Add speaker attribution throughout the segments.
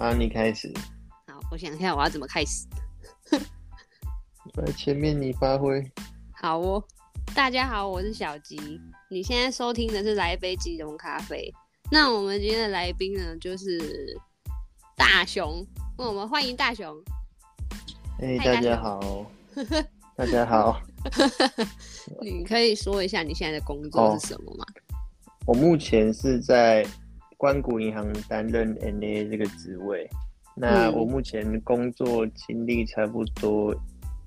Speaker 1: 啊，你開始。
Speaker 2: 好，我想一下我要怎麼開始。
Speaker 1: 在 前面你發揮。
Speaker 2: 好哦，大家好，我是小吉。你現在收聽的是《來一杯即溶咖啡》。那我們今天的來賓呢，就是大雄。我們歡迎大雄。
Speaker 1: 哎、欸，大、大家好。大家好。
Speaker 2: 你可以說一下你現在的工作是什
Speaker 1: 麼嗎？哦、我目前是在。官股銀行擔任 MA 這個職位。那我目前工作經歷差不多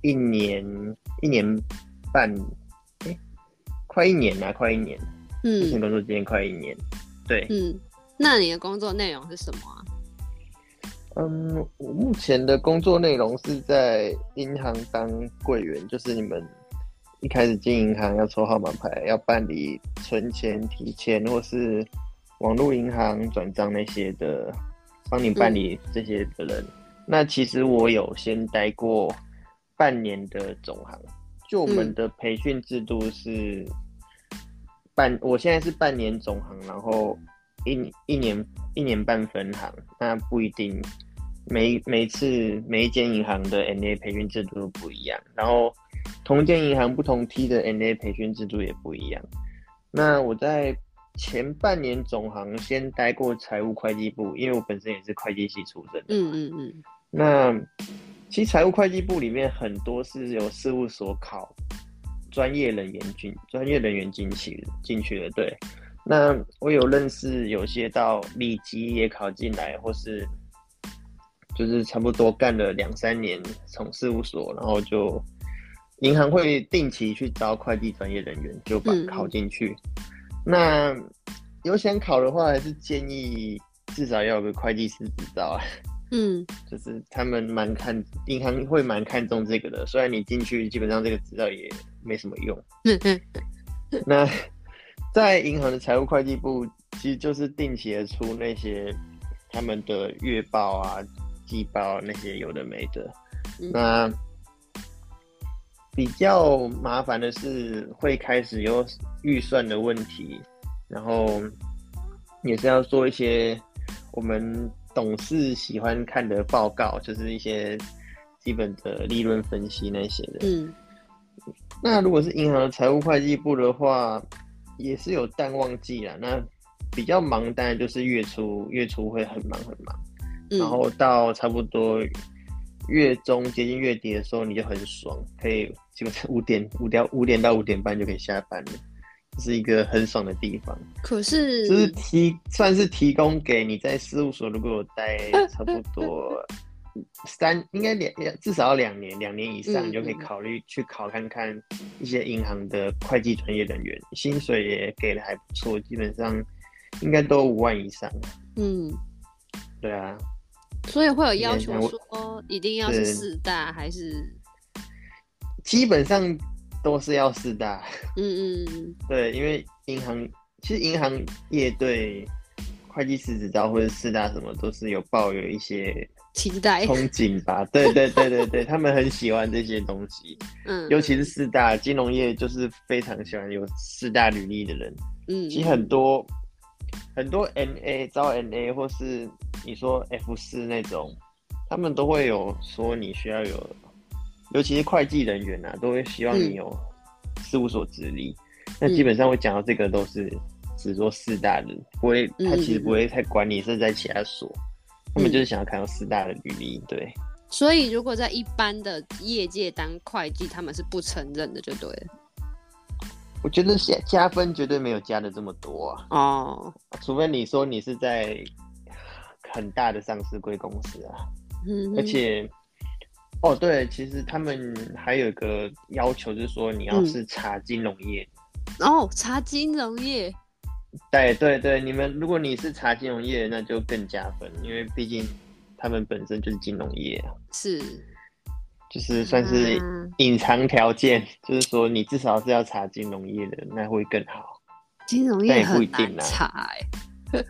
Speaker 1: 一年，嗯、一年半、欸，快一年啊，快一年。目前、嗯、工作經驗快一年。對，
Speaker 2: 嗯，那你的工作內容是什麼、啊？嗯，
Speaker 1: 我目前的工作內容是在銀行當櫃員，就是你們一開始進銀行要抽號碼牌，要辦理存錢、提錢，或是。網絡銀行轉賬那些的，幫你辦理這些的人，嗯、那其實我有先待過半年的總行，就我們的培訓制度是半，嗯、我現在是半年總行，然後一一年一年半分行，那不一定，每每次每一間銀行的 MA 培訓制度都不一樣，然後同間銀行不同梯的 MA 培訓制度也不一樣，那我在。前半年總行先待過財務會計部，因為我本身也是會計系出身的，
Speaker 3: 嗯。嗯
Speaker 1: 嗯嗯。那其實財務會計部裡面很多是由事務所考專業人員進專業人員進去進去的。對。那我有認識有些到秘籍也考進來，或是就是差不多幹了兩三年從事務所，然後就銀行會定期去招會計專業人員，就把考進去。嗯那有想考的話，還是建議至少要有個會計師執照啊。嗯，就是他們蠻看，銀行會蠻看重這個的，雖然你進去基本上這個執照也沒什麼用。嗯嗯。那在銀行的財務會計部，其實就是定期的出那些他們的月報啊、季報啊、那些有的沒的。嗯，那比較麻煩的是會開始有，預算的問題，然後也是要做一些我們董事喜歡看的報告，就是一些基本的利潤分析那些的。嗯，那如果是銀行的財務會計部的話，也是有淡旺季啦。那比較忙當然就是月初，月初會很忙很忙，嗯、然後到差不多月中接近月底的時候，你就很爽，可以基本上五點五點五點到五點半就可以下班了。這是一個很爽的地方，
Speaker 2: 可是就是
Speaker 1: 提算是提供給你在事務所，如果有待差不多三， 應該兩至少要兩年，兩年以上你就可以考慮去考看看一些銀行的會計專業人員，薪水也給的還不錯，基本上應該都五萬以上。嗯，對啊，
Speaker 2: 所
Speaker 1: 以會有
Speaker 2: 要求說一定要是四大還是？是
Speaker 1: 基本上。都是要四大，嗯嗯嗯，對，因為銀行其實銀行業對會計師執照或者四大什麼都是有抱有一些
Speaker 2: 期待、憧
Speaker 1: 憬吧，對次 對對對對， 他們很喜歡這些東西，嗯，尤其是四大金融業就是非常喜歡有四大履歷的人，嗯，其實很多很多 MA 招 MA 或是你說 F 四那種，他們都會有說你需要有。尤其是會計人員啊，都會希望你有事務所資歷。那、嗯、基本上會講到這個，都是只做四大的，嗯、不會，他其實不會太管你是、嗯、在其他所，嗯、他們就是想要看到四大的履歷。對，
Speaker 2: 所以如果在一般的業界當會計，他們是不承認的，就對。
Speaker 1: 我覺得加加分絕對沒有加的這麼多啊！哦，除非你說你是在很大的上市櫃公司啊，
Speaker 2: 嗯、哼而且。
Speaker 1: 哦，對，其實他們還有一個要求，就是說你要是查金融業，哦、
Speaker 2: 嗯，oh, 查金融業，
Speaker 1: 對對對，你們如果你是查金融業，那就更加分，因為畢竟他們本身就是金融業是，就是算是隱藏條件，嗯、就是說你至少是要查金融業的，那會更好。
Speaker 3: 金融業但也不一定查，啊，哎，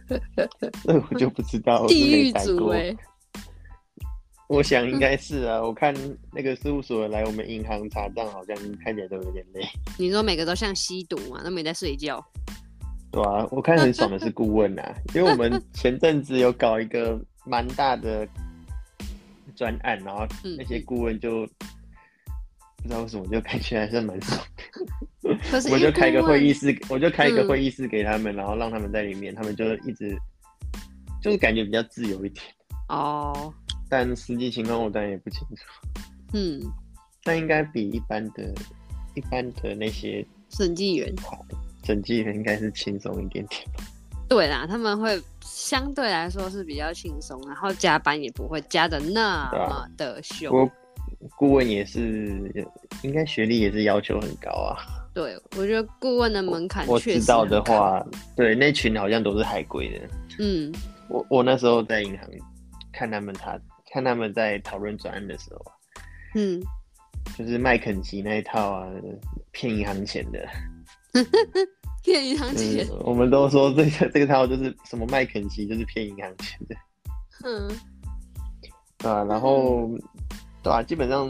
Speaker 3: 這我就
Speaker 1: 不知道，地獄組耶我想應該是啊，我看那個事務所來我們銀行查賬，好像看起來都有點累。
Speaker 2: 你說每個都像吸毒啊，都沒在
Speaker 1: 睡覺？對啊，我看很爽的是顧問啊，因為我們前陣子有搞一個蠻大的專案，然後那些顧問就、嗯、不知道為什麼就看起來還是蠻爽的。 一 我就開一個會議室，我就開一個會議室給他們，嗯、然後讓他們在裡面，他們就一直就是感覺比較自由一點哦。但實際情況我當然也不清楚。
Speaker 3: 嗯，
Speaker 1: 但應該比一般的、一般的那些審計員，審計員應該是輕鬆一點點吧？
Speaker 2: 對啦，他們會相對來說是比較輕鬆，然後加班也不會加的那麼的
Speaker 1: 凶。顧問也是，應該學歷也是要求很高啊。
Speaker 2: 對，我覺得顧問的門檻，我知
Speaker 1: 道的話，對那群好像都是海歸的。嗯，我我那時候在銀行看他們他。看他們在討論專案的時候，嗯，就是麥肯錫那一套啊，騙銀行錢的，
Speaker 3: 騙銀 行錢、嗯。
Speaker 1: 我們都說這個這個套就是什麼麥肯錫就是騙銀行錢的，哼、嗯、啊，然後對啊，基本上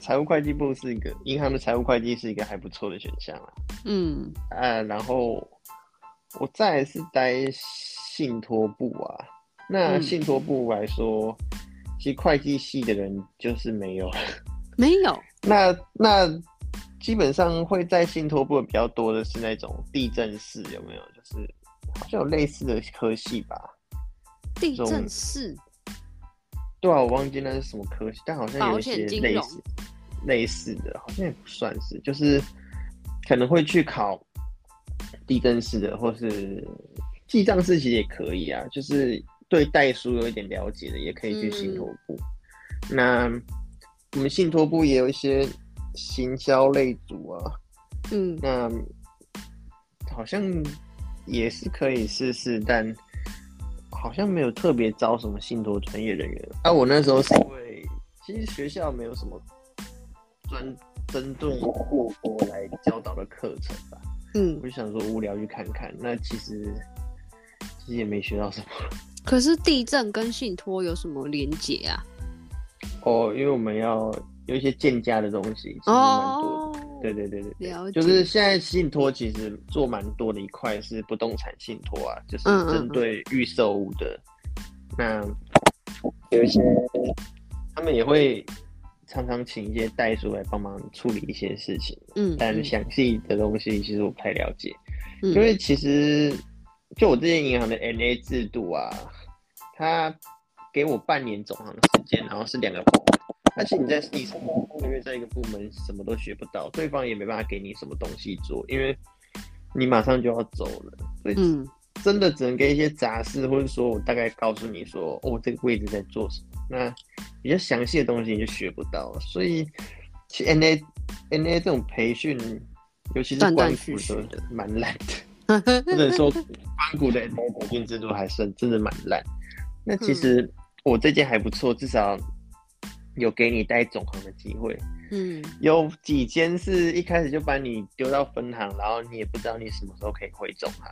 Speaker 1: 財務會計部是一個銀行的財務會計是一個還不錯的選項啊，
Speaker 3: 嗯，
Speaker 1: 哎、啊，然後我再來是待信托部啊，那信托部來說。嗯會計系的人就是沒有， 沒有。那那基本上會在信託部比較多的是那種地政士，有沒有？就是好像有類似的科系吧。地政士，對啊，我忘記那是什麼科系，但好像有一些類似類似的，好像也不算是，就是可能會去考地政士的，或是記帳士，其實也可以啊，就是。對代書有一點了解的，也可以去信託部。嗯、那我們信託部也有一些行銷類組啊，嗯，那好像也是可以試試，但好像沒有特別招什麼信託專業人員。啊，我那時候是因為其實學校沒有什麼專針對信託來教導的課程吧，嗯，我就想說無聊去看看，那其實其實也沒學到什麼。
Speaker 2: 可是地震跟信托有什麼連結啊？
Speaker 1: 哦，oh, 因為我們要有一些鑑價的東西的，哦，oh, 對對對，對，對，了
Speaker 2: 解。就是
Speaker 1: 現在信托其實做蠻多的一塊是不動產信托啊，就是針對預售屋的。嗯嗯嗯，那有一些他們也會常常請一些代書來幫忙處理一些事情，嗯，嗯，但詳細的東西其實我不太了解，嗯、因為其實。就我這些銀行的 MA 制度啊，他給我半年總行的時間，然後是兩個包。但是你在你因為在一個部門什麼都學不到，對方也沒辦法給你什麼東西做，因為你馬上就要走了，所以真的只能給一些雜事，或者說我大概告訴你說哦，這個位置在做什麼。那比較詳細的東西你就學不到了，所以其實 MA MA 這種培訓，尤其是官股的，蠻爛的，不能說。官股的某國定制度還算真的蠻爛，那其實我這間還不錯，嗯、至少有給你待總行的機會。
Speaker 3: 嗯，
Speaker 1: 有幾間是一開始就把你丟到分行，然後你也不知道你什麼時候可以回總行，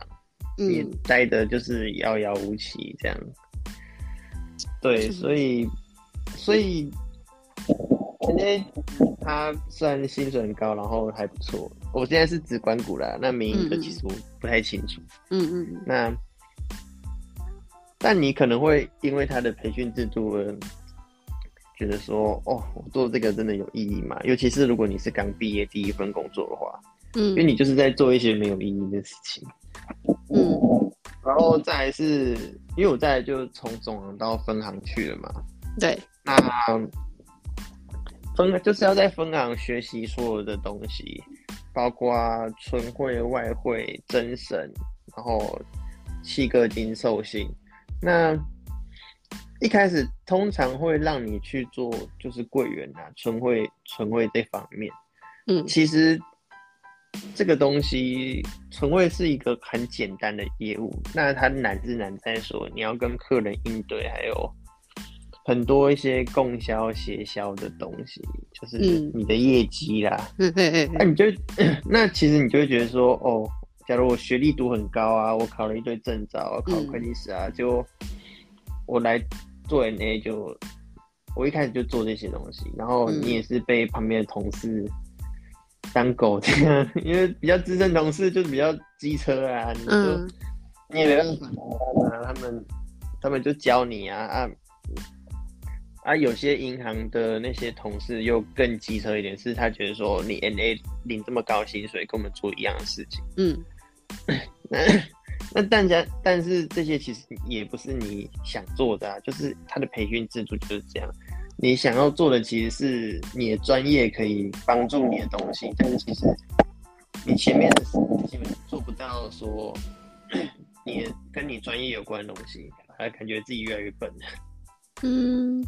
Speaker 1: 嗯、你待的就是遙遙無期這樣。對，所以、嗯、所以，所以今天他雖然薪水很高，然後還不錯。我現在是官股了，那民營的其實我、嗯嗯、不太清楚。嗯嗯。那，但你可能會因為他的培訓制度，覺得說，哦，我做這個真的有意義嗎？尤其是如果你是剛畢業第一份工作的話，
Speaker 3: 嗯，因為你
Speaker 1: 就是在做一些沒有意義的事情。嗯、哦。然後再來是因為我在就從總行到分行去了嘛。對。那、啊、分就是要在分行學習所有的東西。包括啊，存匯、外匯、徵審，然後企個金授信。那一開始通常會讓你去做，就是櫃員啊，存匯、存匯這方面。嗯，其實這個東西存匯是一個很簡單的業務，那它難是難在說你要跟客人應對，還有，很多一些供銷協銷的東西，就是你的業績啦。那、嗯 啊、你就那其實你就會覺得說，哦，假如我學歷讀很高啊，我考了一堆證照，我考會計師啊，嗯、就我來做 MA，就我一開始就做這些東西。然後你也是被旁邊的同事當狗這樣，嗯、 因為比較資深同事就比較機車啊，你就、嗯、你也沒辦法、啊、他們他們就教你啊啊。啊，有些銀行的那些同事又更機車一點，是他覺得說你 MA 領這麼高薪水，跟我們做一樣的事情，嗯，那大家，但是這些其實也不是你想做的啊，就是他的培訓制度就是這樣，你想要做的其實是你的專業可以幫助你的東西，但是其實你前面的事情做不到說，說你的跟你專業有關的東西，還感覺自己越來越笨，嗯。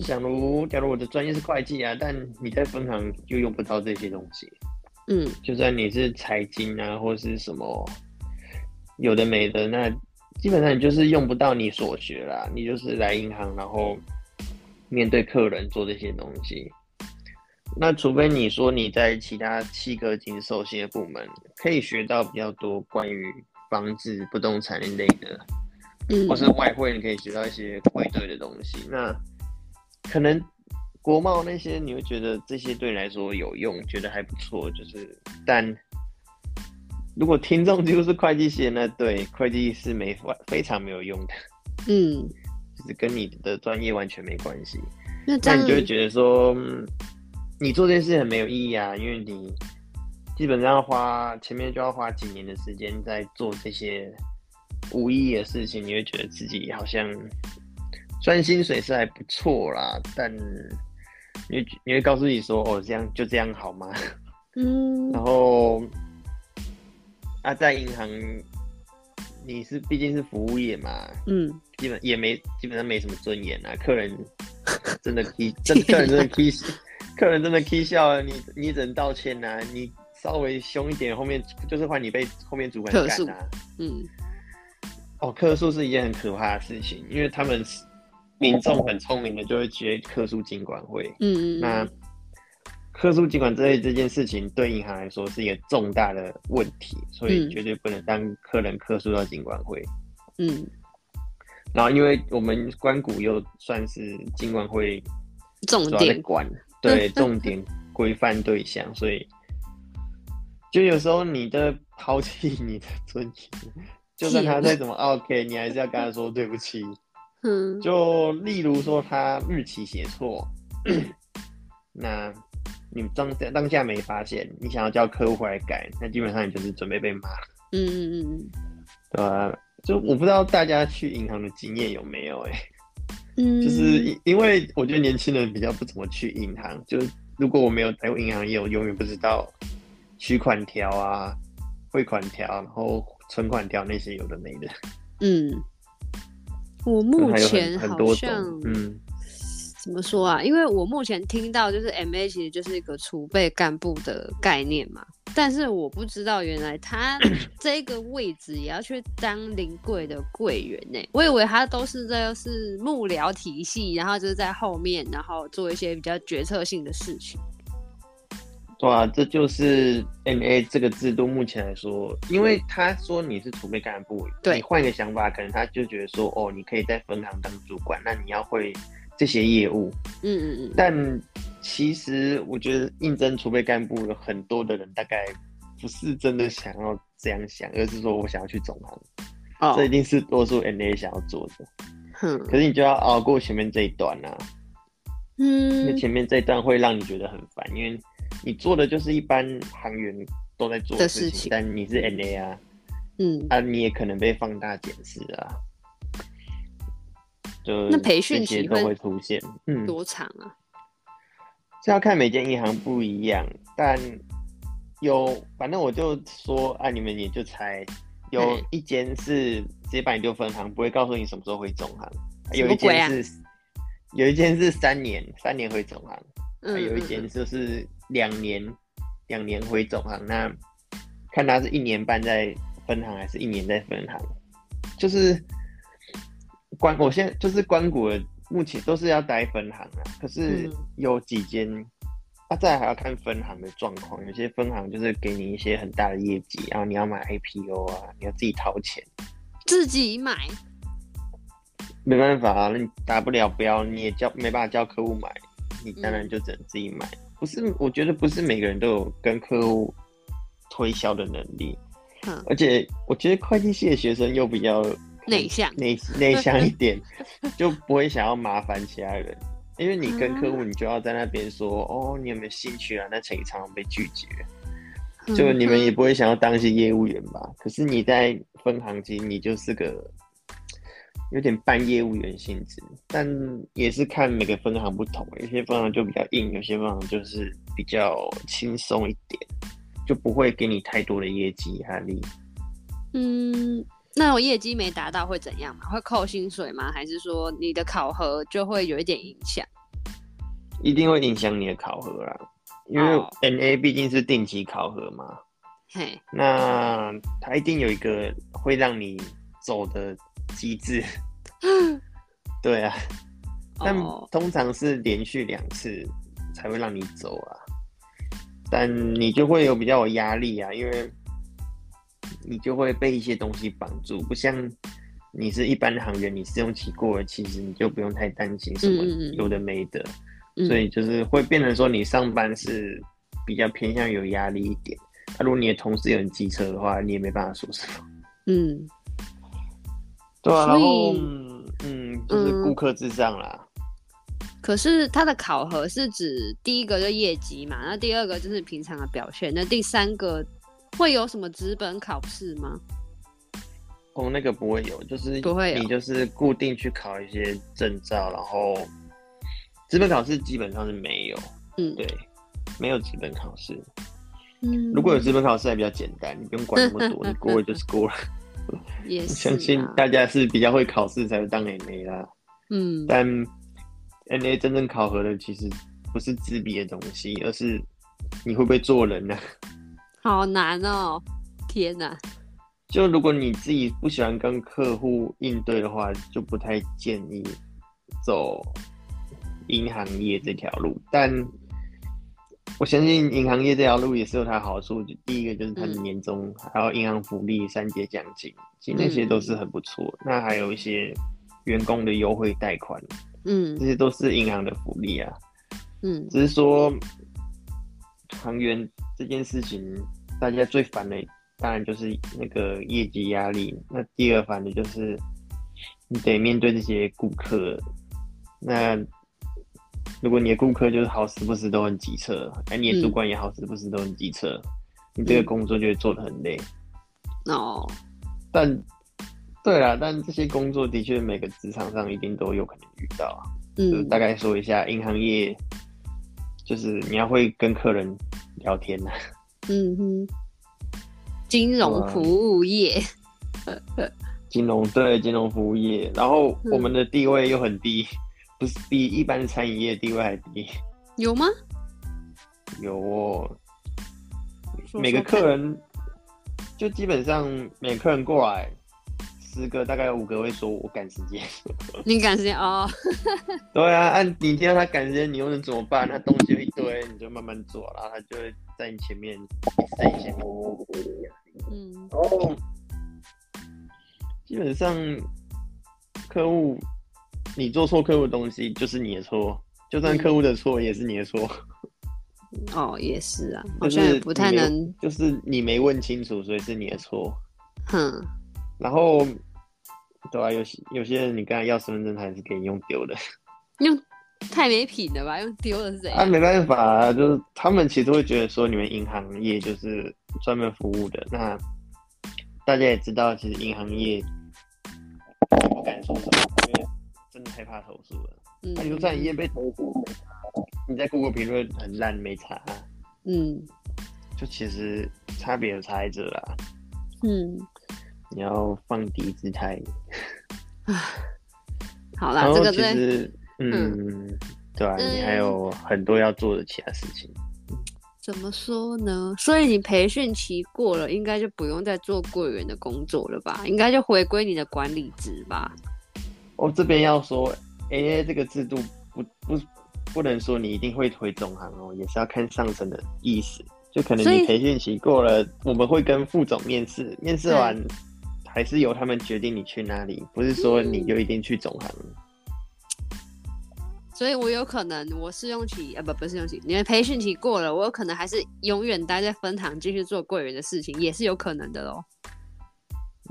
Speaker 1: 假如假如我的專業是會計啊，但你在分行就用不到這些東西。嗯，就算你是財經啊，或是什麼有的沒的，那基本上你就是用不到你所學啦。你就是來銀行，然後面對客人做這些東西。那除非你說你在其他企金授信的部門可以學到比較多關於房子、不動產類的，嗯、或是外匯，你可以學到一些匯兌的東西。那可能國貿那些你會覺得這些對你來說有用，覺得還不錯。就是，但如果聽眾就是會計系，那對會計是沒非非常沒有用的。嗯，就是跟你的專業完全沒關係。
Speaker 3: 那這但你就會
Speaker 1: 覺得說，你做這件事很沒有意義啊，因為你基本上花前面就要花幾年的時間在做這些無意義的事情，你會覺得自己好像。賺薪水是還不錯啦，但你你會告訴你說哦，這樣就這樣好嗎？
Speaker 3: 嗯。然
Speaker 1: 後啊，在銀行你是畢竟是服務業嘛，嗯，基本也沒基本上沒什麼尊嚴啊。客人真的踢， 真客人真的踢，客人真的踢笑，你你只能道歉吶、啊，你稍微凶一點，後面就是換你被後面主管客、啊、訴，嗯。哦，客訴是一件很可怕的事情，嗯、因為他們。民眾很聰明的就會去客訴金管會。嗯嗯。那，客訴金管這類這件事情，對銀行來說是一個重大的問題，嗯、所以絕對不能當客人客訴到金管會。嗯，嗯。然後，因為我們官股又算是金管會
Speaker 2: 管重點
Speaker 1: 管，對、嗯、重點規範對象，嗯、所以就有時候你的拋棄你的尊嚴，是 就算他再怎麼 OK，你還是要跟他說對不起。就例如說，他日期寫錯， 那你當當下沒發現，你想要叫客戶過來改，那基本上你就是準備被罵。嗯嗯嗯嗯，對啊，就我不知道大家去銀行的經驗有沒有哎、欸，嗯，
Speaker 3: 就是
Speaker 1: 因為我覺得年輕人比較不怎麼去銀行，就是如果我沒有在銀行業，我永遠不知道取款條啊、匯款條，然後存款條那些有的沒的。嗯。
Speaker 2: 我目前好像，嗯，怎麼說啊？因為我目前聽到就是 MA 其實就是一個儲備幹部的概念嘛，但是我不知道原來他這個位置也要去當臨櫃的櫃員呢、欸。我以為他都是在是幕僚體系，然後就是在後面，然後做一些比較決策性的事情。
Speaker 1: 哇，這就是 MA 這個制度目前來說，因為他說你是儲備幹部，對你換一個想法，可能他就覺得說，哦，你可以在分行當主管，那你要會這些業務。嗯嗯嗯。嗯嗯，但其實我覺得應徵儲備幹部有很多的人，大概不是真的想要這樣想，而是說我想要去總行。哦。這一定是多數 MA 想要做的。哼。可是你就要熬過前面這一段啊。嗯。
Speaker 3: 因為前
Speaker 1: 面這一段會讓你覺得很煩，因為。你做的就是一般行員都在做的事情，事情但你是 MA 啊，嗯啊，你也可能被放大檢視啊。就那培訓期間會出現，嗯，多長啊？是要看每間銀行不一樣，嗯、但有反正我就說啊，你們也就猜，有一間是直接把你丟分行，不會告訴你什麼時候回總行；還有一間是、啊、有一間是三年，三年回總行；還、嗯啊、有一間就是。兩年，兩年回總行。那看他是一年半在分行，還是一年在分行，就是官，我現在就是官股目前都是要待分行啊，可是有幾間，嗯、啊，再來還要看分行的狀況。有些分行就是給你一些很大的業績，然後你要買 IPO 啊，你要自己掏錢，
Speaker 2: 自己買。
Speaker 1: 沒辦法啊，那你達不了標，你也叫，沒辦法叫客戶買，你當然就只能自己買。嗯不是，我覺得不是每個人都有跟客戶推銷的能力，嗯、而且我覺得會計系的學生又比較內向、內內向一點， 就不會想要麻煩其他人。因為你跟客戶，你就要在那邊說：“嗯、哦，你有沒有興趣啊？”那常常被拒絕，就你們也不會想要當一些業務員吧？嗯、哼可是你在分行經，你就是個。有點半業務員性質，但也是看每個分行不同，有些分行就比較硬，有些分行就是比較輕鬆一點，就不會給你太多的業績壓力。嗯，
Speaker 2: 那我業績沒達到會怎樣嗎？會扣薪水嗎？還是說你的考核就會有一點影響？
Speaker 1: 一定會影響你的考核啦，因為 MA 畢竟是定期考核嘛。嘿，oh. 那他一定有一個會讓你走的。機制， 對啊，但通常是連續兩次才會讓你走啊，但你就會有比較有壓力啊，因為你就會被一些東西綁住，不像你是一般的行員，你試用期過了，其實你就不用太擔心什麼有的沒的，嗯嗯嗯，所以就是會變成說你上班是比較偏向有壓力一點。那如果你的同事有人機車的話，你也沒辦法說什麼，嗯。
Speaker 2: 對啊，以然後
Speaker 1: 嗯就是顧客智上啦，嗯。
Speaker 2: 可是他的考核是指第一個就業績嘛，那第二個就是平常的表現，那第三個會有什麼資本考試嗎？
Speaker 1: 哦，那個不會有，就是不會有，你就是固定去考一些證照，然後資本考試基本上是沒有。嗯，對，沒有資本考試。嗯，如果有資本考試還比較簡單，嗯、你不用管那麼多，你過了就是過了。 也相信大家是比較會考試才會當 MA 啦，嗯，但 MA 真正考核的其實不是紙筆的東西，而是你會不會做人呢？啊？
Speaker 2: 好難哦，天哪，
Speaker 1: 啊！就如果你自己不喜歡跟客戶應對的話，就不太建議走銀行業這條路。但我相信銀行業這條路也是有它的好處。就第一個就是它的年終，嗯、還有銀行福利、三節獎金，其實那些都是很不錯。嗯、那還有一些員工的優惠貸款，嗯，這些都是銀行的福利啊。嗯，只是說，行員這件事情，大家最煩的當然就是那個業績壓力。那第二煩的就是，你得面對這些顧客。那如果你的顧客就是好，時不時都很機車；哎，你的主管也好，時不時都很機車。嗯、你這個工作就會做得很累。哦、嗯。但，對啊，但這些工作的確，每個職場上一定都有可能遇到。嗯。大概說一下，銀、嗯、行業，就是你要會跟客人聊天吶。嗯
Speaker 2: 哼。金融服務業。
Speaker 1: 金融，對，金融服務業，然後我們的地位又很低。嗯比一般的餐飲業地位還低，有嗎？有、哦，說說，每個客人就基本上每客人過來十個，大概有五個會說我趕時間，
Speaker 2: 你趕時間哦，
Speaker 1: 對啊，按你今天他趕時間，你又能怎麼辦？他東西一堆，你就慢慢做，然後他就會在你前面在你前面，嗯，哦，基本上客戶。你做錯客戶東西就是你的錯，就算客戶的錯也是你的錯。嗯，哦，
Speaker 2: 也是啊，
Speaker 1: 好像也不太能，就是你沒問清楚，所以是你的錯。哼。然後對啊，有有些人你跟他要身份證還是可以用丟的。
Speaker 2: 用太沒品了吧？用丟的是怎
Speaker 1: 樣？啊，沒辦法，就是他們其實會覺得說你們銀行業就是專門服務的，那大家也知道，其實銀行業不敢說什麼。真的害怕投訴了，嗯，你說在一夜被投訴，你在 Google 評論很爛沒差，啊，
Speaker 3: 嗯，
Speaker 1: 就其實差別的差這啦，啊，嗯，你要放低姿態，
Speaker 2: 好啦，這個是。嗯，
Speaker 1: 嗯，對啊，嗯，你還有很多要做的其他事情，
Speaker 2: 怎麼說呢？所以你培訓期過了，應該就不用再做櫃員的工作了吧？應該就回歸你的管理職吧？
Speaker 1: 我、哦、這邊要說，MA、欸、這個制度不不不能說你一定會回總行哦，也是要看上層的意思。就可能你培訓期過了，以我們會跟副總面試，面試完還是由他們決定你去哪裡，嗯、不是說你就一定去總行。
Speaker 2: 所以我有可能我試用期啊，不不是試用期，你的培訓期過了，我有可能還是永遠待在分行繼續做櫃員的事情，也是有可能的哦。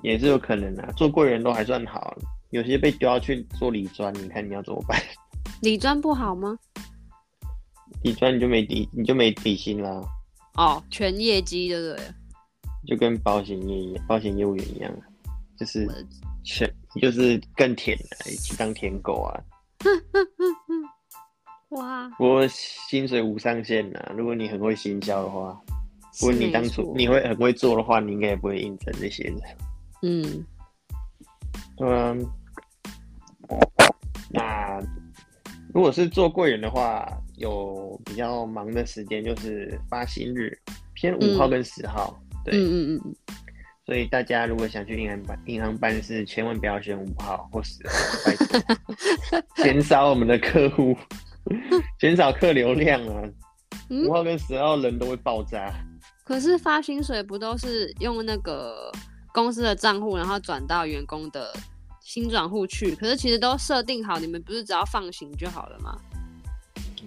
Speaker 1: 也是有可能的、啊，做櫃員都還算好。有些被丟去做理專，你看你要怎麼辦？
Speaker 2: 理專不好嗎？
Speaker 1: 理專你就沒底，你就沒底薪啦。
Speaker 2: 哦，全業績對不對？
Speaker 1: 就跟保險業、保險業務員一樣，就是全，就是更舔了，當舔狗啊！
Speaker 3: 哇！不
Speaker 1: 過薪水無上限吶，如果你很會行銷的話，如果你當初你會很會做的話，你應該也不會應徵那些人。嗯，對啊。那如果是做櫃員的話，有比較忙的時間就是發薪日，偏五號跟十號。嗯、對，嗯嗯嗯。嗯嗯，所以大家如果想去銀行辦銀行辦事，千萬不要選五號或十號，拜託，
Speaker 2: 減
Speaker 1: 少我們的客戶，減 少客流量啊！五號跟十號人都會爆炸。
Speaker 2: 可是發薪水不都是用那個公司的賬戶，然後轉到員工的？新轉戶去，可是其實都設定好，你們不是只要放行就好了嗎？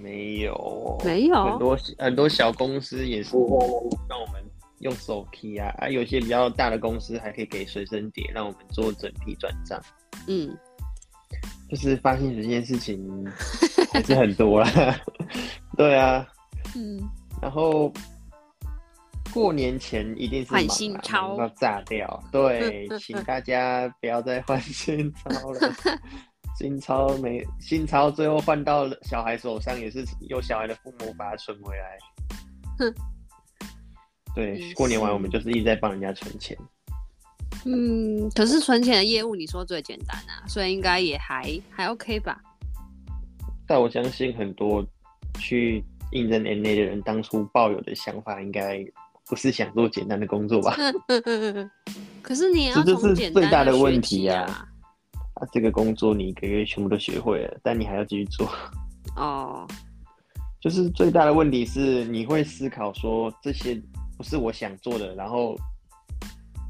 Speaker 1: 沒有，沒有，很多很多小公司也是讓我們用手批啊，有些比較大的公司還可以給隨身碟，讓我們做整批轉賬。嗯，就是發現這件事情還是很多啦。 對啊，嗯，然後。過年前一定是，啊，新鈔要炸掉，對，呵呵呵請大家不要再換新鈔了。呵呵呵新鈔沒新鈔，最後換到小孩手上也是有小孩的父母把它存回來。呵對，過年完我們就是一直在幫人家存錢。
Speaker 2: 嗯，可是存錢的業務你說最簡單啊，所以應該也還還 OK 吧？
Speaker 1: 但我相信很多去應徵 MA 的人，當初抱有的想法應該。不是想做簡單的工作吧？
Speaker 2: 可是你要、啊，這就是最大的問
Speaker 1: 題呀、啊！啊，這個工作你一個月全部都學會了，但你還要繼續做哦。Oh. 就是最大的問題是，你會思考說，這些不是我想做的，然後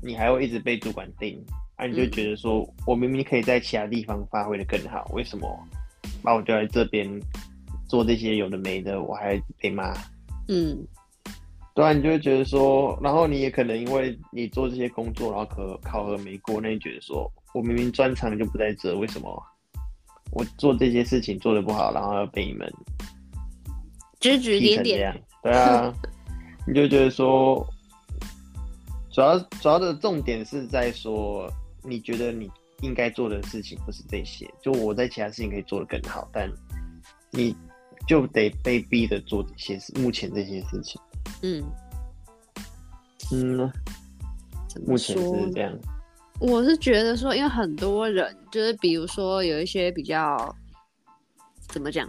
Speaker 1: 你還會一直被主管盯，啊，你就覺得說我明明可以在其他地方發揮得更好，嗯、為什麼把我丟在這邊做這些有的沒的，我還被罵？嗯。對啊，你就會覺得說，然後你也可能因為你做這些工作，然後可考核沒過，那你覺得說我明明專長就不在這，為什麼我做這些事情做的不好，然後要被你們
Speaker 2: 指指點點？
Speaker 1: 對啊，你就覺得說，主要主要的重點是在說，你覺得你應該做的事情不是這些，就我在其他事情可以做的更好，但你就得被逼的做這些事，目前這些事情。嗯嗯，嗯，目前是這樣。
Speaker 2: 我是覺得說，因為很多人就是比如說有一些比較怎麼講，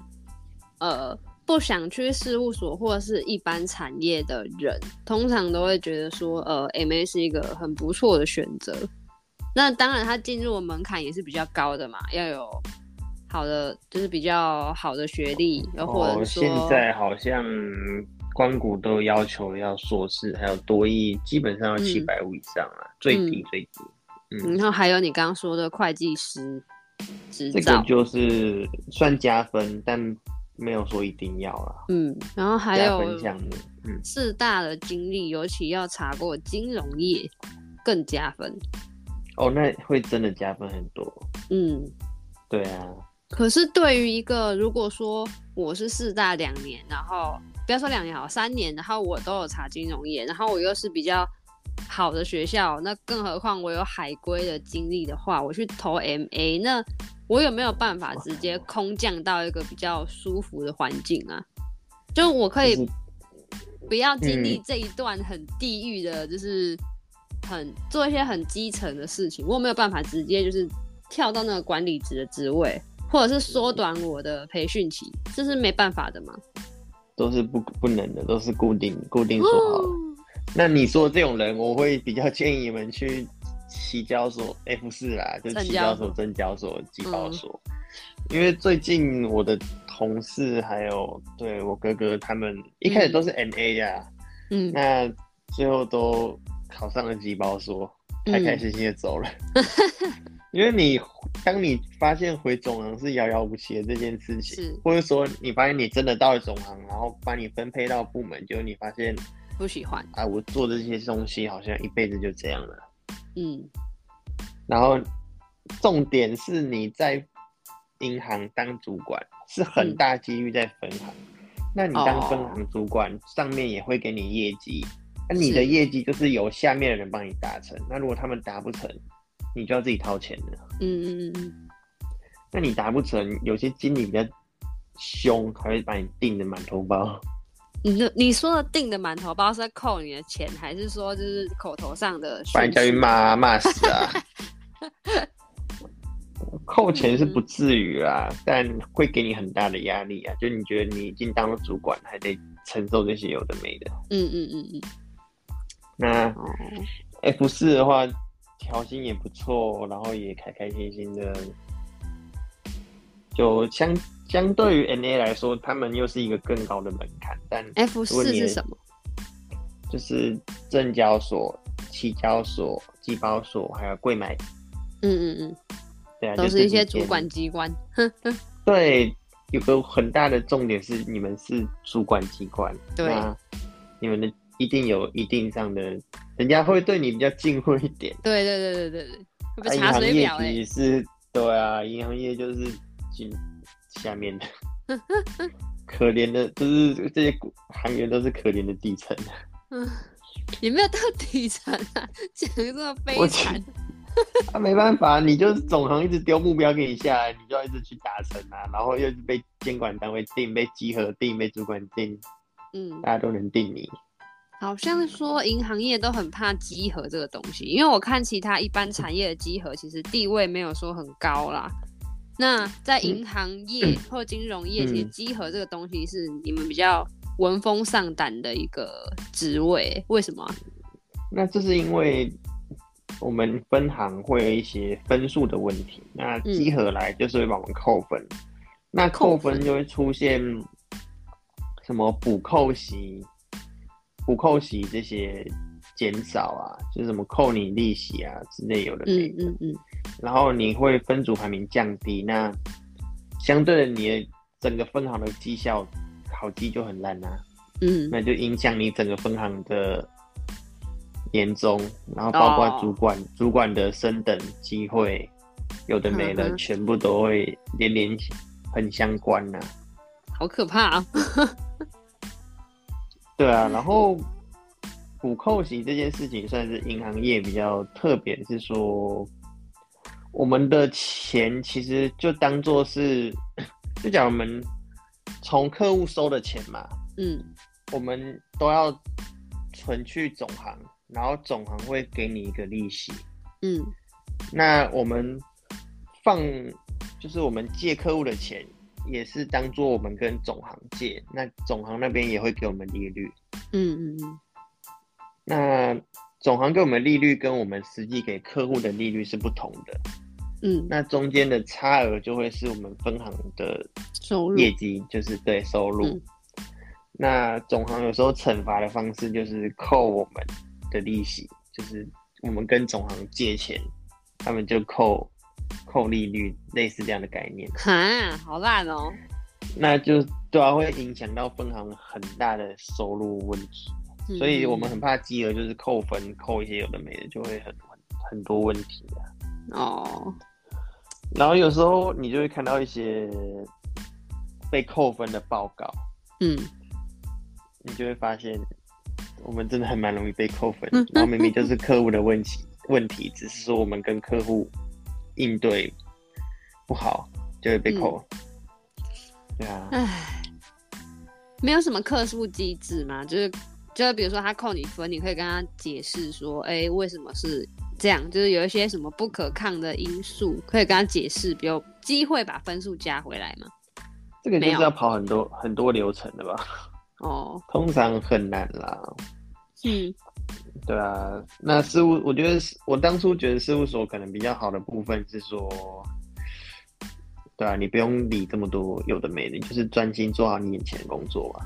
Speaker 2: 呃，不想去事務所或者是一般產業的人，通常都會覺得說，呃，MA 是一個很不錯的選擇。那當然，他進入的門檻也是比較高的嘛，要有好的，就是比較好的學歷，又、哦、或者說現在
Speaker 1: 好像。官股都要求要碩士，還有多益，基本上要七百五以上啊，嗯、最低最低。嗯，嗯然後
Speaker 2: 還有你剛剛說的會計師執照這個
Speaker 1: 就是算加分，但沒有說一定要了、
Speaker 2: 啊。嗯，然後還有四大的經歷，嗯、尤其要查過金融業，更加分。
Speaker 1: 哦，那會真的加分很多。嗯，對啊。可是
Speaker 2: 對於一個，如果說我是四大兩年，然後。不要說兩年好三年，然後我都有查金融業，然後我又是比較好的學校，那更何況我有海歸的經歷的話，我去投 MA，那我有沒有辦法直接空降到一個比較舒服的環境啊？就我可以不要經歷這一段很地獄的，就是很做一些很基層的事情，我沒有辦法直接就是跳到那個管理職的職位，或者是縮短我的培訓期，這是沒辦法的嗎？
Speaker 1: 都是不、不能的，都是固定固定說好了，哦、那你說這種人，我會比較建議你們去期交所 F 四啦，就期交所、證交所、集保、欸、所，因為最近我的同事還有對我哥哥他們一開始都是 MA 呀，嗯，啊、嗯，那最後都考上了集保所，
Speaker 2: 嗯、開開心
Speaker 1: 心的走了。嗯 因為你，當你發現回總行是遙遙無期的這件事情，是或者說你發現你真的到了總行，然後把你分配到部門，就你發現不喜歡，啊，我做這些東西好像一輩子就這樣
Speaker 3: 了。
Speaker 1: 嗯，然後重點是你在銀行當主管是很大幾率在分行，嗯、
Speaker 3: 那你當分行
Speaker 1: 主管，哦、上面也會給你業績，那你的業績就是由下面的人幫你達成，是那如果他們達不成。你就要自己掏錢的，嗯嗯嗯嗯。那你達不成，有些經理比較凶，還會把你定的滿頭包。
Speaker 2: 你、嗯、你說的定的滿頭包，是在扣你的錢，還是說就是口頭上的數數？把你教育罵
Speaker 1: 罵死啊！ 扣錢是不至於啊，嗯嗯，但會給你很大的壓力啊！就你覺得你已經當了主管，還得承受這些有的沒的。嗯嗯嗯嗯。那 F4 的話，調薪也不錯，然後也開開心心的。就相相對於 MA 來說，嗯、他們又是一個更高的門檻。但你的 F4 是什麼？就是證交所、期交所、集保所，還有櫃買。嗯嗯嗯，對啊，都是一些主管
Speaker 2: 機關。
Speaker 1: 對，有個很大的重點是，你們是主管機關。對，你們的一定有一定上的。人家會對你比較敬畏一點。
Speaker 2: 對對對對對對，銀、啊、行業也
Speaker 1: 是對啊，銀行業就是進下面的。 可憐的，就是這些行員都是可憐的底層。嗯，
Speaker 2: 也沒有到底層啊，講得這麼悲慘。
Speaker 1: 啊，沒辦法，你就是總行一直丟目標給你下來，你就要一直去達成啊，然後又被監管單位定、被集合定、被主管定，嗯，大家都能定你。
Speaker 2: 好像說銀行業都很怕稽核這個東西，因為我看其他一般產業的稽核，其實地位沒有說很高啦。那在銀行業或金融業，嗯嗯、其實稽核這個東西是你們比較聞風喪膽的一個職位，
Speaker 1: 為什麼？那這是因為我們分行會有一些分數的問題，那稽核來就是會幫我們扣分，嗯、那扣分就會出現什麼補扣息。不扣息這些減少啊，就是什麼扣你利息啊之類有的沒的嗯。嗯嗯嗯。然後你會分組排名降低，那相對的，你的整個分行的績效考績就很爛吶、啊。嗯。那就影響你整個分行的年終，然後包括主管主、oh. 管的升等機會，有的沒的，嗎全部都會連連很相關啊。
Speaker 2: 好可怕啊！
Speaker 1: 對啊，然後補扣息這件事情算是銀行業比較特別，是說我們的錢其實就當做是，就講我們從客戶收的錢嘛，嗯，我們都要存去總行，然後總行會給你一個利息，嗯，那我們放，就是我們借客戶的錢。也是當做我們跟總行借，那總行那邊也會給我們利率。嗯嗯嗯。那總行給我們利率跟我們實際給客戶的利率是不同的。嗯。那中間的差額就會是我們分行的收入，業績就是對收入。嗯。那總行有時候懲罰的方式就是扣我們的利息，就是我們跟總行借錢，他們就扣。扣利率類似這樣的概念，
Speaker 2: 哈，好爛哦、喔！
Speaker 1: 那就對啊，會影響到分行很大的收入問題，嗯、所以我們很怕積額就是扣分，扣一些有的沒的，就會很很，很多問題的、啊、哦。然後有時候你就會看到一些被扣分的報告，嗯，你就會發現我們真的還蠻容易被扣分，嗯、然後明明就是客戶的問題， 問題只是說我們跟客戶。應對不好就會被扣，嗯、對
Speaker 2: 啊，沒有什麼客訴機制嗎？就是就是，比如說他扣你分，你可以跟他解釋說，哎、欸，為什麼是這樣？就是有一些什麼不可抗的因素，可以跟他解釋，比如機會把分數加回來嗎？
Speaker 1: 這個就是要跑很多有很多流程的吧？哦，通常很難啦。嗯。對啊，那事務我覺得我當初覺得事務所可能比較好的部分是說，對啊，你不用理這麼多有的沒的，就是專心做好你眼前的工作吧。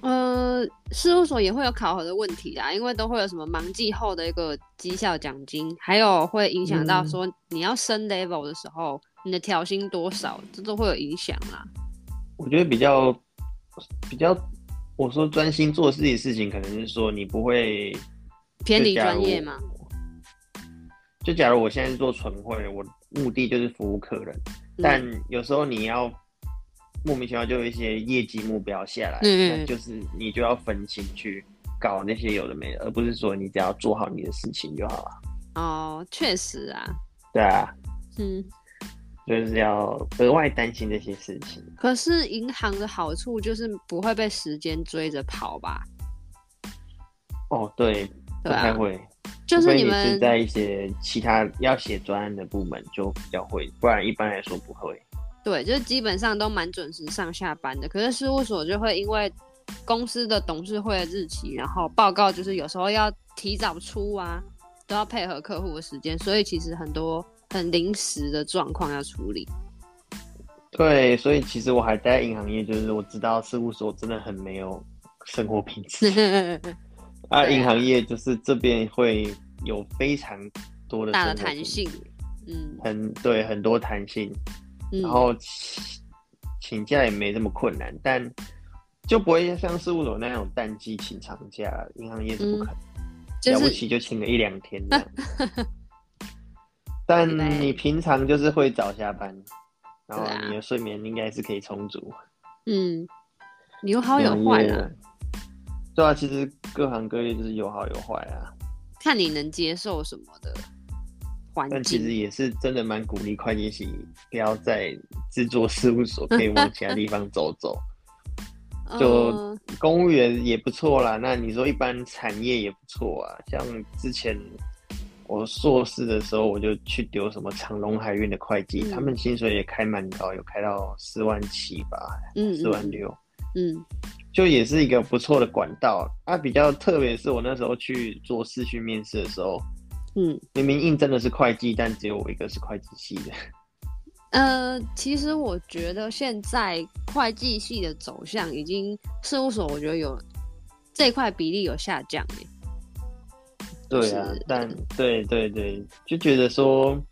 Speaker 2: 呃，事務所也會有考核的問題啊，因為都會有什麼忙季後的一個績效獎金，還有會影響到說你要升 level 的時候，嗯、你的調薪多少，這都會有影響啦。
Speaker 1: 我覺得比較比較。我說專心做自己事情，可能是說你不會偏離專業嘛？就假如我現在是做存匯，我目的就是服務客人，嗯、但有時候你要莫名其妙就有一些業績目標下來，嗯嗯就是你就要分心去搞那些有的沒的，而不是說你只要做好你的事情就好
Speaker 2: 了。哦，確實啊，
Speaker 1: 對啊，嗯。就是要額外擔心這些事情。
Speaker 2: 可是銀行的好處就是不會被時間追着跑吧？
Speaker 1: 哦，對，不太會。就是你們，是在一些其他要寫專案的部門就比較會，不然一般來說不會。
Speaker 2: 對，就是基本上都蠻準時上下班的。可是事務所就會因為公司的董事會的日期，然後報告就是有時候要提早出啊，都要配合客戶的時間，所以其實很多，很臨時的狀況要處理，
Speaker 1: 對，所以其實我還在銀行業，就是我知道事務所真的很沒有生活品質， 對啊，銀行業就是這邊會有非常多的大的彈性，嗯，很對，很多彈性，嗯、然後請請假也沒這麼困難，但就不會像事務所那種淡季請長假，銀行業是不可能，
Speaker 3: 就是、了不起
Speaker 1: 就請了一兩天這樣 但你平常就是會早下班，然後你的睡眠應該是可以充足。
Speaker 2: 嗯，有好
Speaker 1: 有壞啊。對啊，其實各行各業就是有好有壞啊。
Speaker 2: 看你能接受什麼的
Speaker 1: 環境。但其實也是真的蠻鼓勵，會計師不要在制作事務所，可以往其他地方走走。
Speaker 2: 就
Speaker 1: 公務員也不錯啦。那你說一般產業也不錯啊，像之前。我碩士的時候，我就去丟什麼長隆海運的會計，嗯、他們薪水也開蠻高，有開到四萬七吧，四萬六，嗯，
Speaker 3: 嗯，
Speaker 1: 就也是一個不錯的管道。嗯、啊，比較特別是我那時候去做視訊面試的時候，嗯，明明應徵的是會計，但只有我一個是會計系的。
Speaker 2: 呃，其實我覺得現在會計系的走向，已經事務所我覺得有這塊比例有下降，欸
Speaker 1: 對啊，是但對對對，就覺得說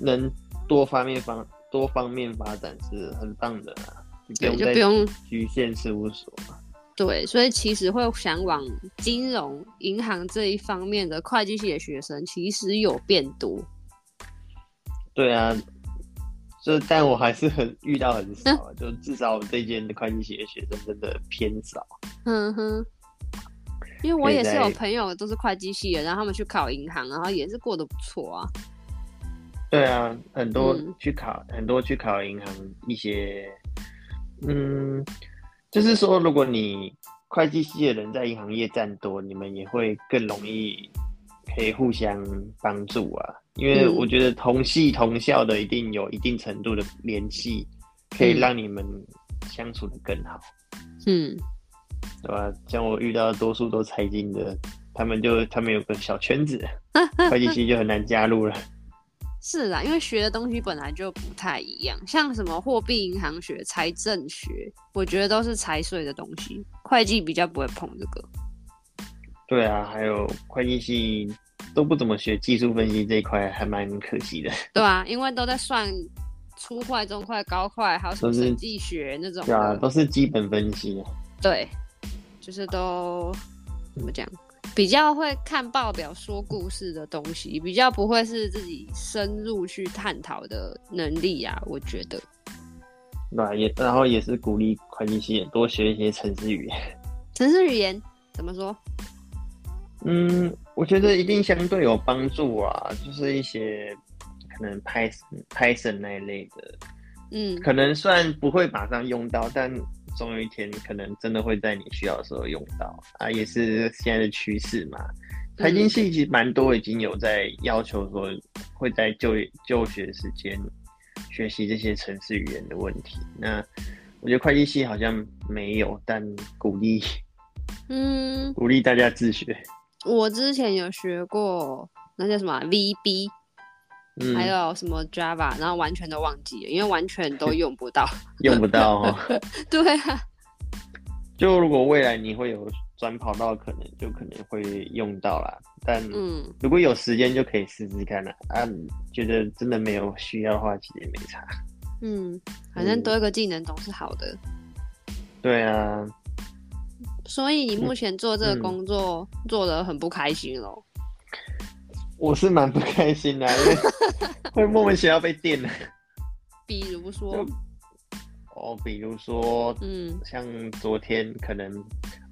Speaker 1: 能多方面方多方面發展是很棒的啊，就不用局限事務所嘛。
Speaker 2: 對，所以其實會想往金融、銀行這一方面的會計系的學生，其實有變多。
Speaker 1: 對啊，就但我還是很遇到很少、啊，嗯、就至少我這間的會計系的學生真的偏少。嗯哼。
Speaker 2: 因為我也是有朋友都是會計系的，然後他們去考銀行，然後也是過得不錯啊。
Speaker 1: 對啊，很多去考，嗯、很多去考銀行一些，嗯，就是說，如果你會計系的人在銀行業占多，你們也會更容易可以互相幫助啊。因為我覺得同系同校的一定有一定程度的聯繫，嗯、可以讓你們相處得更好。嗯。對吧、啊？像我遇到的多數都財經的，他們就他們有個小圈子，
Speaker 2: 會計系就
Speaker 1: 很難加入了。
Speaker 2: 是啊，因為學的東西本來就不太一樣，像什麼貨幣銀行學、財政學，我覺得都是財稅的東西，會計比較不會碰這個。
Speaker 1: 對啊，還有會計系都不怎麼學技術分析這一塊，還蠻可惜的。
Speaker 2: 對啊，因為都在算初會、中會、高會，還有什麼審計學那種。對啊，都
Speaker 1: 是基本分析的。
Speaker 2: 對。就是都怎麼講，比較會看報表說故事的東西，比較不會是自己深入去探討的能力啊。我覺得，
Speaker 1: 那也然後也是鼓勵快，會計師多學一些程式語言。
Speaker 2: 程式語言怎麼說？
Speaker 1: 嗯，我覺得一定相對有幫助啊。就是一些可能 Python、Python 那一類的，
Speaker 2: 嗯，可
Speaker 1: 能雖然不會馬上用到，但。總有一天，可能真的會在你需要的時候用到啊，也是現在的趨勢嘛。財經系其實蠻多已經有在要求說，會在就就學時間學習這些程式語言的問題。那我覺得會計系好像沒有，但鼓勵，嗯，鼓勵大家自學。
Speaker 2: 我之前有學過，那叫什麼 VB，啊。還有什麼 Java，然後完全都忘記了，因為完全都用不到，
Speaker 1: 用不到哦。
Speaker 2: 對啊，
Speaker 1: 就如果未來你會有轉跑道，可能就可能會用到啦。但嗯，如果有時間，就可以試試看啦、啊。啊，覺得真的沒有需要的話，其實也沒差。嗯，
Speaker 2: 反正多一個技能總是好的。
Speaker 1: 對啊。
Speaker 2: 所以你目前做這個工作、嗯嗯、做得很不開心咯。
Speaker 1: 我是蠻不開心的。 會莫名其妙被電呢？
Speaker 2: 比如說，
Speaker 1: 哦，比如說，嗯，像昨天可能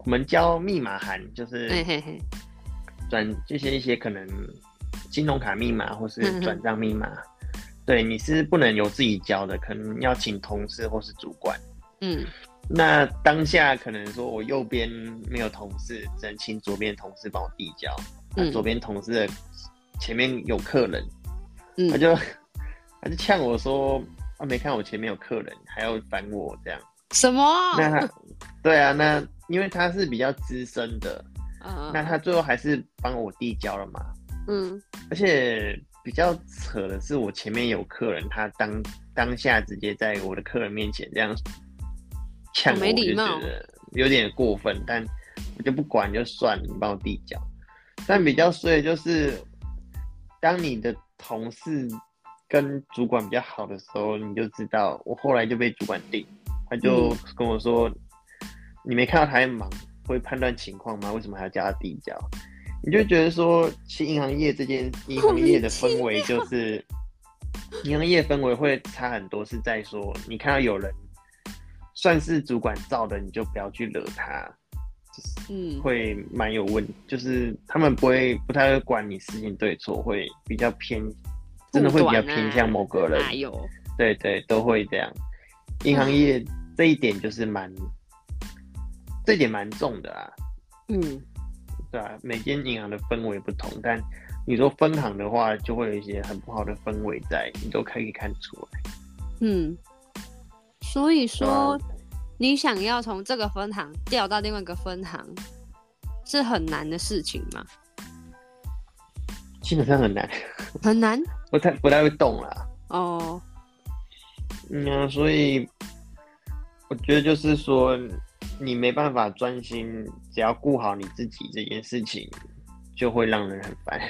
Speaker 1: 我們交密碼函，就是轉這些一些可能金融卡密碼或是轉賬密碼，對，你是不能由自己交的，可能要請同事或是主管。嗯，那當下可能說我右邊沒有同事，只能請左邊同事幫我遞交。那、啊、左邊同事的前面有客人。嗯、他就他就嗆我說：“他、啊、沒看我前面有客人，還要煩我這樣？”什麼？那他對啊，那因為他是比較資深的，
Speaker 3: 嗯、那他
Speaker 1: 最後還是幫我遞交了嘛。嗯，而且比較扯的是，我前面有客人，他當當下直接在我的客人面前這樣嗆，我沒禮貌，有點過分。但我就不管，就算了你幫我遞交。但比較衰的就是，當你的。同事跟主管比較好的時候，你就知道。我後來就被主管盯，他就跟我說：“嗯、你沒看到他還忙，會判斷情況嗎？為什麼還要加底腳？”你就覺得說，去銀行業這件，銀行業的氛圍就是，銀、啊、行業氛圍會差很多，是在說，你看到有人算是主管罩的，你就不要去惹他。嗯，會蠻有問，嗯、就是他們不會不太會管你事情對錯，會比較偏，啊、真的會比較偏向某個人。有對對，都會這樣。銀行業這一點就是蠻，嗯、這一點蠻重的啊。嗯，對啊，每間銀行的氛圍不同，但你說分行的話，就會有一些很不好的氛圍在，你都可以看出來。嗯，
Speaker 2: 所以說。So, 你想要從這個分行調到另外一個分行，是很難的事情嗎？
Speaker 1: 基本上很難。很難？ 不太不太會動了。哦。嗯，所以我覺得就是說，你沒辦法專心，只要顧好你自己這件事情，就會讓人很煩。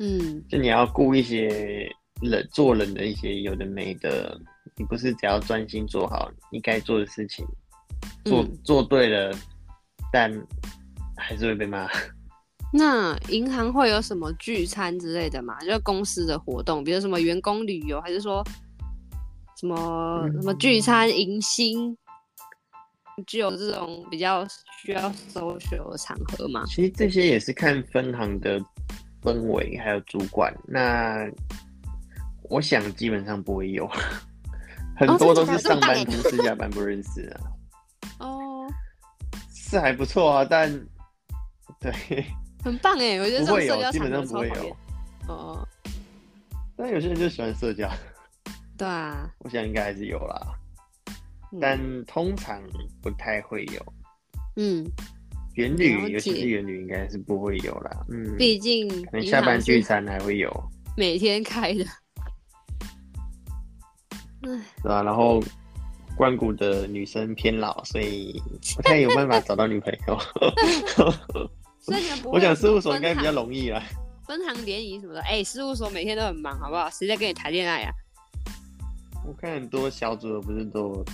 Speaker 1: 嗯。就你要顧一些人做人的一些有的沒的。你不是只要專心做好你該做的事情做、做、嗯、做對了，但還是會被罵。
Speaker 2: 那銀行會有什麼聚餐之類的嗎？就公司的活動，比如什麼員工旅遊，還是說什麼什麼聚餐迎新，嗯、就有這種比較需要 social 的場合
Speaker 1: 嗎？其實這些也是看分行的氛圍，還有主管。那我想基本上不會有。很多都是上班同事，下班不認識啊。哦，欸、 是還不錯啊，但對，很棒哎、欸！我覺得這種社交場合不會有，基本上不會有哦。但有些人就喜歡社交，
Speaker 2: 對啊、
Speaker 1: 哦。我想應該還是有啦，嗯、但通常不太會有。嗯，員旅旅，解尤其是員旅應該是不會有啦，嗯，畢
Speaker 2: 竟。可能下班聚
Speaker 1: 餐還會有，銀
Speaker 2: 行是每天開的。
Speaker 1: 是吧、 啊？然後官股的女生偏老，所以不太有辦法找到女朋友。我想事務所應該比較容易啦，
Speaker 2: 分行聯誼什麼的。哎、欸，事務所每天都很忙，好不好？誰在跟你談戀愛呀、
Speaker 1: 啊？我看很多小組的不是都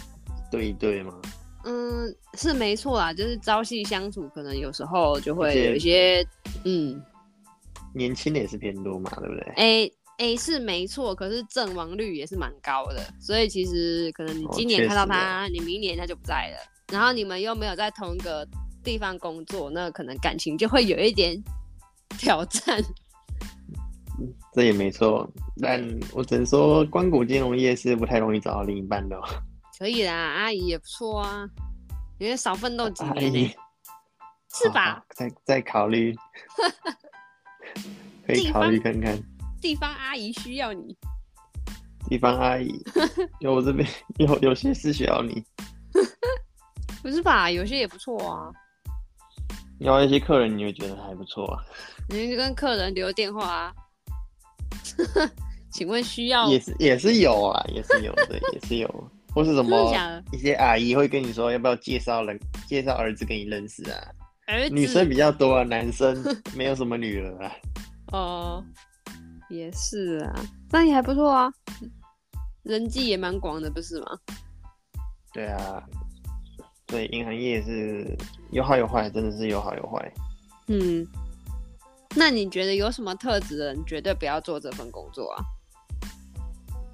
Speaker 1: 對一對嗎？嗯，
Speaker 2: 是沒錯啦，就是朝夕相處，可能有時候
Speaker 1: 就會且有一些嗯，年輕的也是偏多嘛，對不對？
Speaker 2: 哎、欸。哎，是沒錯，可是陣亡率也是蠻高的，所以其實可能你今年看到他，哦、你明年他就不在了。然後你們又沒有在同一個地方工作，那可能感情就會有一點挑戰。
Speaker 1: 這也沒錯，但我只能說，官股金融業是不太容易找到另一半的、
Speaker 2: 哦。可以啦，阿姨也不錯啊，有點少奮鬥幾年，姨是吧？好
Speaker 1: 好再再考慮， 可以考慮看看。
Speaker 2: 地方阿姨需要
Speaker 1: 你，地方阿姨有我這邊 有有些事需要你，
Speaker 2: 不是吧？有些也不錯啊。
Speaker 1: 有一些客人，你會覺得還不錯
Speaker 2: 啊。你跟客人留電話啊？ 請問需要，也
Speaker 1: 是也是有啊，也是有的， 也是有，或是什麼，真的假的，一些阿姨會跟你說要不要介紹人介紹兒子給你認識啊？兒子女生比較多啊，男生 沒有什麼女兒啊。哦、uh。
Speaker 2: 也是啊，那也還不錯啊，人際也蠻廣的，不是嗎？
Speaker 1: 對啊，所以銀行業是有好有壞，真的是有好有壞。
Speaker 3: 嗯，
Speaker 2: 那你覺得有什麼特質的人絕對不要做這份工作
Speaker 1: 啊？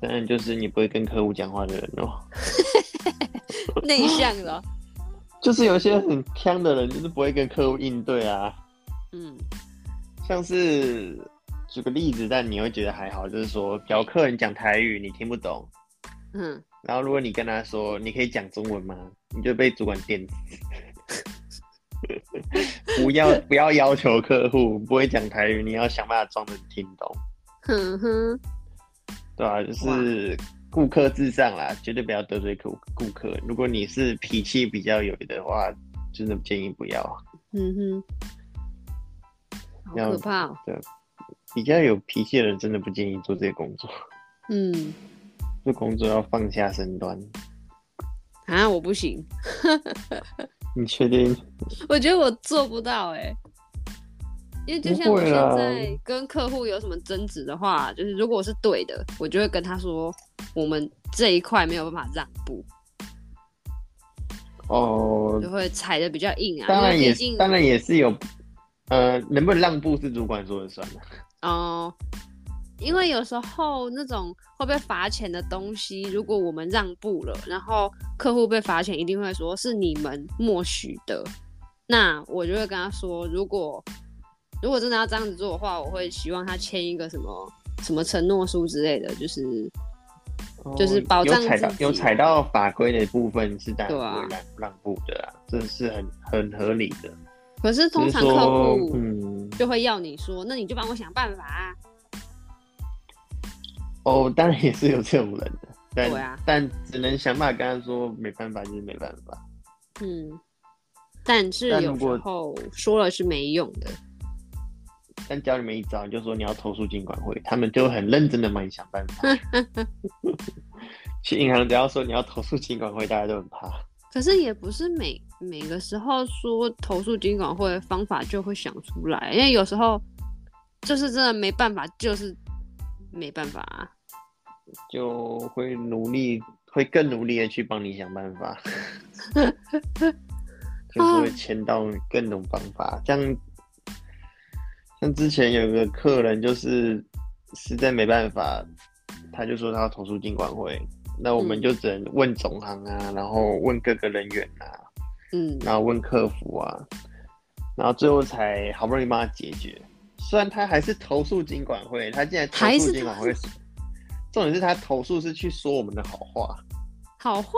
Speaker 1: 當然就是你不會跟客戶講話的人哦、喔，
Speaker 2: 內向的。
Speaker 1: 就是有些很嗆的人，就是不會跟客戶應對啊。
Speaker 2: 嗯，
Speaker 1: 像是。舉個例子，但你會覺得還好，就是說，假如客人講台語，你聽不懂，嗯。然後，如果你跟他說，你可以講中文嗎？你就被主管電 不要不要要求客戶不會講台語，你要想辦法裝成聽懂。嗯哼。對啊，就是顧客至上啦，哇絕對不要得罪客顧客。如果你是脾氣比較有的話，真的建議不要。嗯
Speaker 3: 哼。
Speaker 1: 好可怕哦。對。比較有脾氣的人真的不建議做這個工
Speaker 2: 作。
Speaker 1: 嗯，做工作要放下身段。
Speaker 2: 啊，我不行。 你確定？我覺得我做不到哎、欸。因為就像我現在跟客戶有什麼爭執的話，啊、就是如果我是對的，我就會跟他說，我們這一塊沒有辦法讓步。
Speaker 1: 哦。就
Speaker 2: 會踩得比較硬啊。當然也，當然也
Speaker 1: 是有。呃，能不能讓步是主管說了算的。
Speaker 2: 哦，uh, 因為有時候那種會被罰錢的東西，如果我們讓步了，然後客戶被罰錢，一定會說是你們默許的。那我就會跟他說，如果如果真的要這樣子做的話，我會希望他簽一個什麼什麼承諾書之類的，就是、oh,
Speaker 1: 就是保障有踩到,有踩到法規的部分是大家不會讓步的、啊，對啊、這是很很合理的。可是通常客戶嗯。
Speaker 2: 就會要你說，那你就幫我想辦
Speaker 1: 法啊。哦，oh, 當然也是有這種人的，對啊，但只能想辦法跟他說，沒辦法就是沒辦法。嗯，
Speaker 2: 但是有時候說了是沒用的。
Speaker 1: 但教你們一招，就說你要投訴金管會，他們就很認真的幫你想辦法。 去銀行只要說你要投訴金管會，大家都很怕。
Speaker 2: 可是也不是每。每個時候說投訴金管會的方法就會想出來，因為有時候就是真的沒辦法，就是沒
Speaker 1: 辦法，啊，就會努力，會更努力的去幫你想辦法， 就是會簽到各種方法。 像像之前有個客人就是實在沒辦法，他就說他要投訴金管會，那我們就只能問總行啊，嗯、然後問各個人員啊。嗯，然後問客服啊，然後最後才好不容易幫他解決。雖然他還是投訴金管會，他竟然投訴金管會。重點是他投訴是去說我們的好話，
Speaker 2: 好話，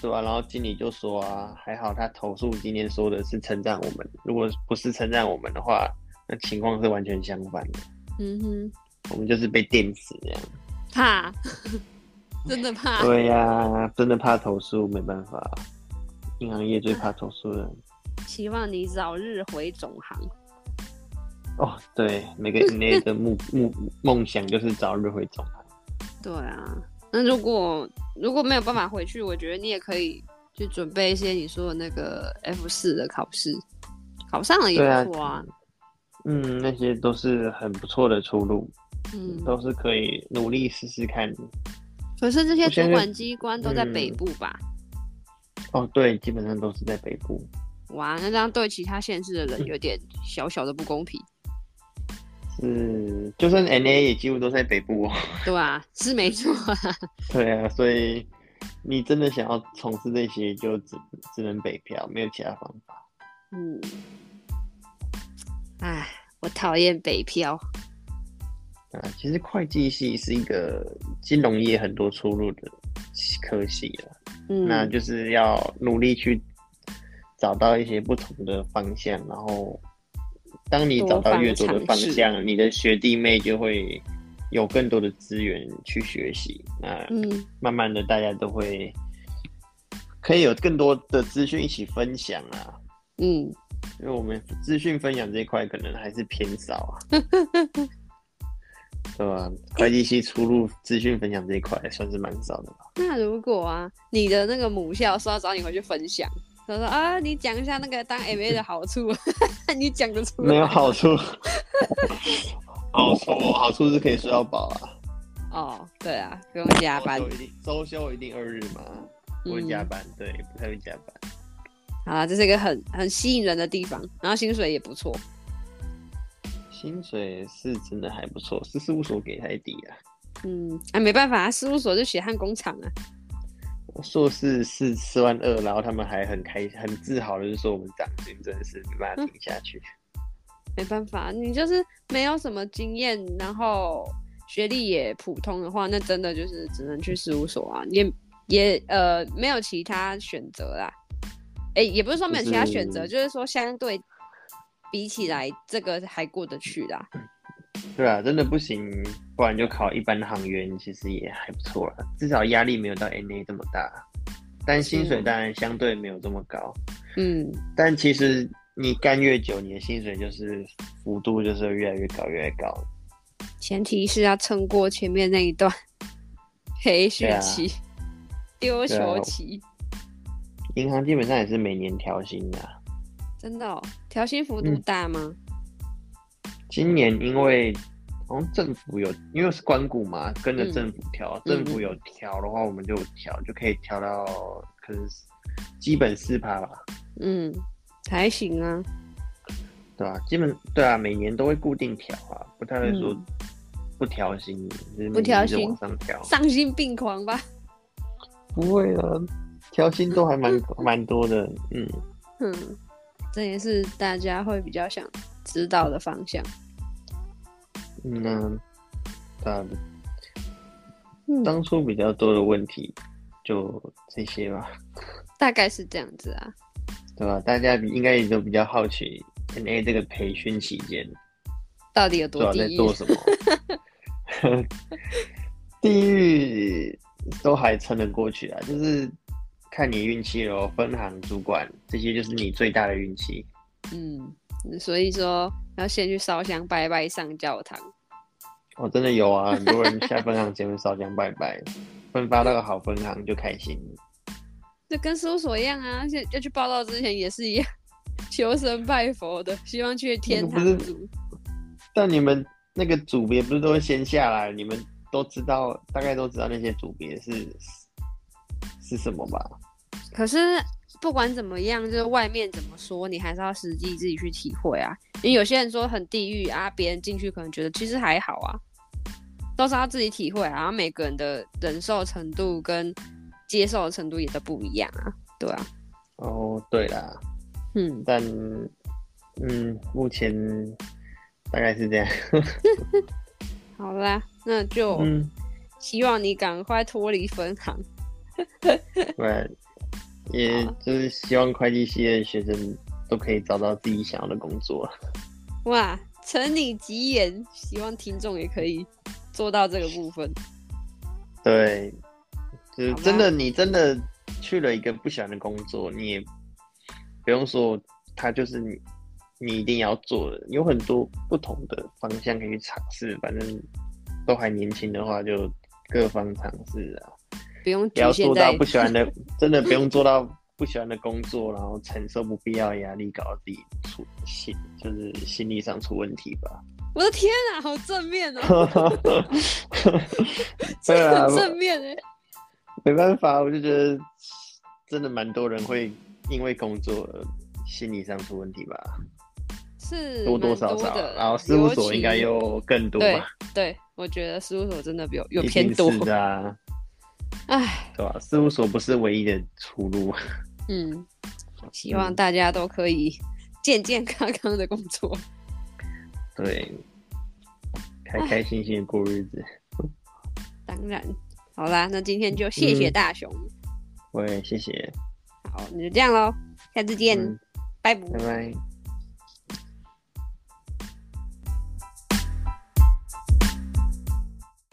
Speaker 1: 對吧？然後經理就說啊，還好他投訴今天說的是稱讚我們，如果不是稱讚我們的話，那情況是完全相反的。嗯哼，我們就是被電死這樣，
Speaker 2: 怕， 真的怕。對呀，
Speaker 1: 真的怕投訴，沒辦法。銀行業最怕投訴人，
Speaker 2: 希望你早日回總行。
Speaker 1: 哦，對，每個人的夢夢夢想就是早日回總行。
Speaker 2: 對啊，那如果如果沒有辦法回去，我覺得你也可以去準備一些你說的那個 F 四的考試，考上了也不錯啊，啊。
Speaker 1: 嗯，那些都是很不錯的出路，嗯，都是可以努力試試看的。
Speaker 2: 可是這些主管機關都在北部吧？嗯。
Speaker 1: 哦，對，基本上都是在北部。
Speaker 2: 哇，那這樣對其他縣市的人有點小小的不公平。
Speaker 1: 是，就算 MA 也幾乎都在北部哦。
Speaker 2: 對啊，是沒錯
Speaker 1: 啊。對啊，所以你真的想要從事這些，就只只能北漂，沒有其他方法。嗯。
Speaker 2: 哎，我討厭北漂。
Speaker 1: 啊，其實會計系是一個金融業很多出路的科系啊。嗯，那就是要努力去找到一些不同的方向，然後當你找到越多的方向，多方嘗試。你的學弟妹就會有更多的資源去學習。那慢慢的，大家都會可以有更多的資訊一起分享啊。嗯，因為我們資訊分享這一塊可能還是偏少啊。 對吧會計系出入資訊分享這一塊算是蠻少的
Speaker 2: 吧？那如果啊，你的那個母校說要找你回去分享，他說啊，你講一下那個當 M A 的好處，
Speaker 1: 你講得出來沒有好處， 好處、哦、好處是可以睡到飽啊。哦，對啊，不用加班，一定周休一定二日嘛，不會加班，嗯、對，不太會加
Speaker 2: 班。啊，這是一個很很吸引人的地方，然後薪水也不錯。
Speaker 1: 薪水是真的還不錯，是事務所給太低
Speaker 2: 了啊。嗯，啊，沒辦法，啊，事務所就血汗工廠啊。
Speaker 1: 碩士是四萬二，然後他們還很開心、很自豪的就說，我們漲薪真的是沒辦法聽下去，
Speaker 2: 嗯。沒辦法，啊，你就是沒有什麼經驗，然後學歷也普通的話，那真的就是只能去事務所啊，也也呃沒有其他選擇啦。哎，也不是說沒有其他選擇，就是、就是說相對。比起來，這個還過得去啦，嗯。
Speaker 1: 對啊，真的不行，不然就考一般的行員，其實也還不錯了，至少壓力沒有到 MA 這麼大。但薪水當然相對沒有這麼高。嗯，但其實你幹越久，你的薪水就是幅度就是越來越高，越來越高。
Speaker 2: 前提是要撐過前面那一段黑血期，啊，丟球期。
Speaker 1: 銀、啊、行基本上也是每年調薪的。
Speaker 2: 真的哦，調薪幅度大嗎？
Speaker 1: 嗯、今年因為、哦、政府有，因為是關股嘛，跟着政府調。嗯、政府有調的話，我們就調，嗯、就可以調到可能基本四趴吧。
Speaker 2: 嗯，還行啊。
Speaker 1: 對啊，基本對啊，每年都會固定調啊，不太會說不調薪，嗯、就是每年都往上調，不調薪，喪
Speaker 2: 心病狂吧？
Speaker 1: 不會啊，調薪都還蠻蠻 多的。嗯嗯。
Speaker 2: 這也是大家會比較想知道的方向。
Speaker 1: 那，當初比較多的問題、嗯、就這些吧。
Speaker 2: 大概是這樣子啊。
Speaker 1: 對吧？大家應該也都比較好奇，MA 這個培訓期間
Speaker 2: 到底有多少在做什麼？
Speaker 1: 地獄都還撐得過去啊，就是。看你運氣嘍，分行主管這些就是你最大的運氣。
Speaker 2: 嗯，所以說要先去燒香拜拜上教堂。
Speaker 1: 哦。真的有啊，很多人下分行前面燒香拜拜， 分發到個好分行就開心。
Speaker 2: 就跟搜索一樣啊，要要去報道之前也是一樣，求神拜佛的，希望去天堂。
Speaker 1: 但你們那個組別不是都會先下來？你們都知道，大概都知道那些組別是。是什麼吧？
Speaker 2: 可是不管怎麼樣，就是外面怎麼說，你還是要實際自己去體會啊。因為有些人說很地獄啊，別人進去可能覺得其實還好啊，都是要自己體會啊。每個人的忍受的程度跟接受的程度也都不一樣啊，
Speaker 1: 對啊。哦，對啦，嗯，但嗯，目前大概是這樣。
Speaker 2: 好啦，那就希望你趕快脫離分行。
Speaker 1: 對， But, 也就是希望會計系列的會計系的學生都可以找到自己想要的工作。
Speaker 2: 哇，承你吉言，希望聽眾也可以做到這個部分。
Speaker 1: 對，就是真的，吧你真的去了一個不喜歡的工作，你也不用說，他就是你，你一定要做的。有很多不同的方向可以嘗試，反正都還年輕的話，就各方嘗試啊。
Speaker 2: 不用，不要做到不喜歡的，
Speaker 1: 真的不用做到不喜歡的工作，然後承受不必要壓力，搞到自己出心就是心理上出問題吧。
Speaker 2: 我的天啊，好正面哦、喔！
Speaker 1: 對啊，很正
Speaker 2: 面哎，
Speaker 1: 沒辦法，我就覺得真的蠻多人會因為工作心理上出問題吧。
Speaker 2: 是多多少少，然後事務所應該又更多吧對？對，我覺得事務所真的比較有偏多的。
Speaker 1: 哎，唉對吧，啊，事務所不是唯一的出路。嗯，希望
Speaker 2: 大家都可以健健康康的工作，嗯，
Speaker 1: 對，開開心心的過日子。
Speaker 2: 當然，好啦，那今天就謝謝大雄。
Speaker 1: 我也、嗯、謝謝。好，
Speaker 2: 那就這樣嘍，下次見，嗯，不拜拜。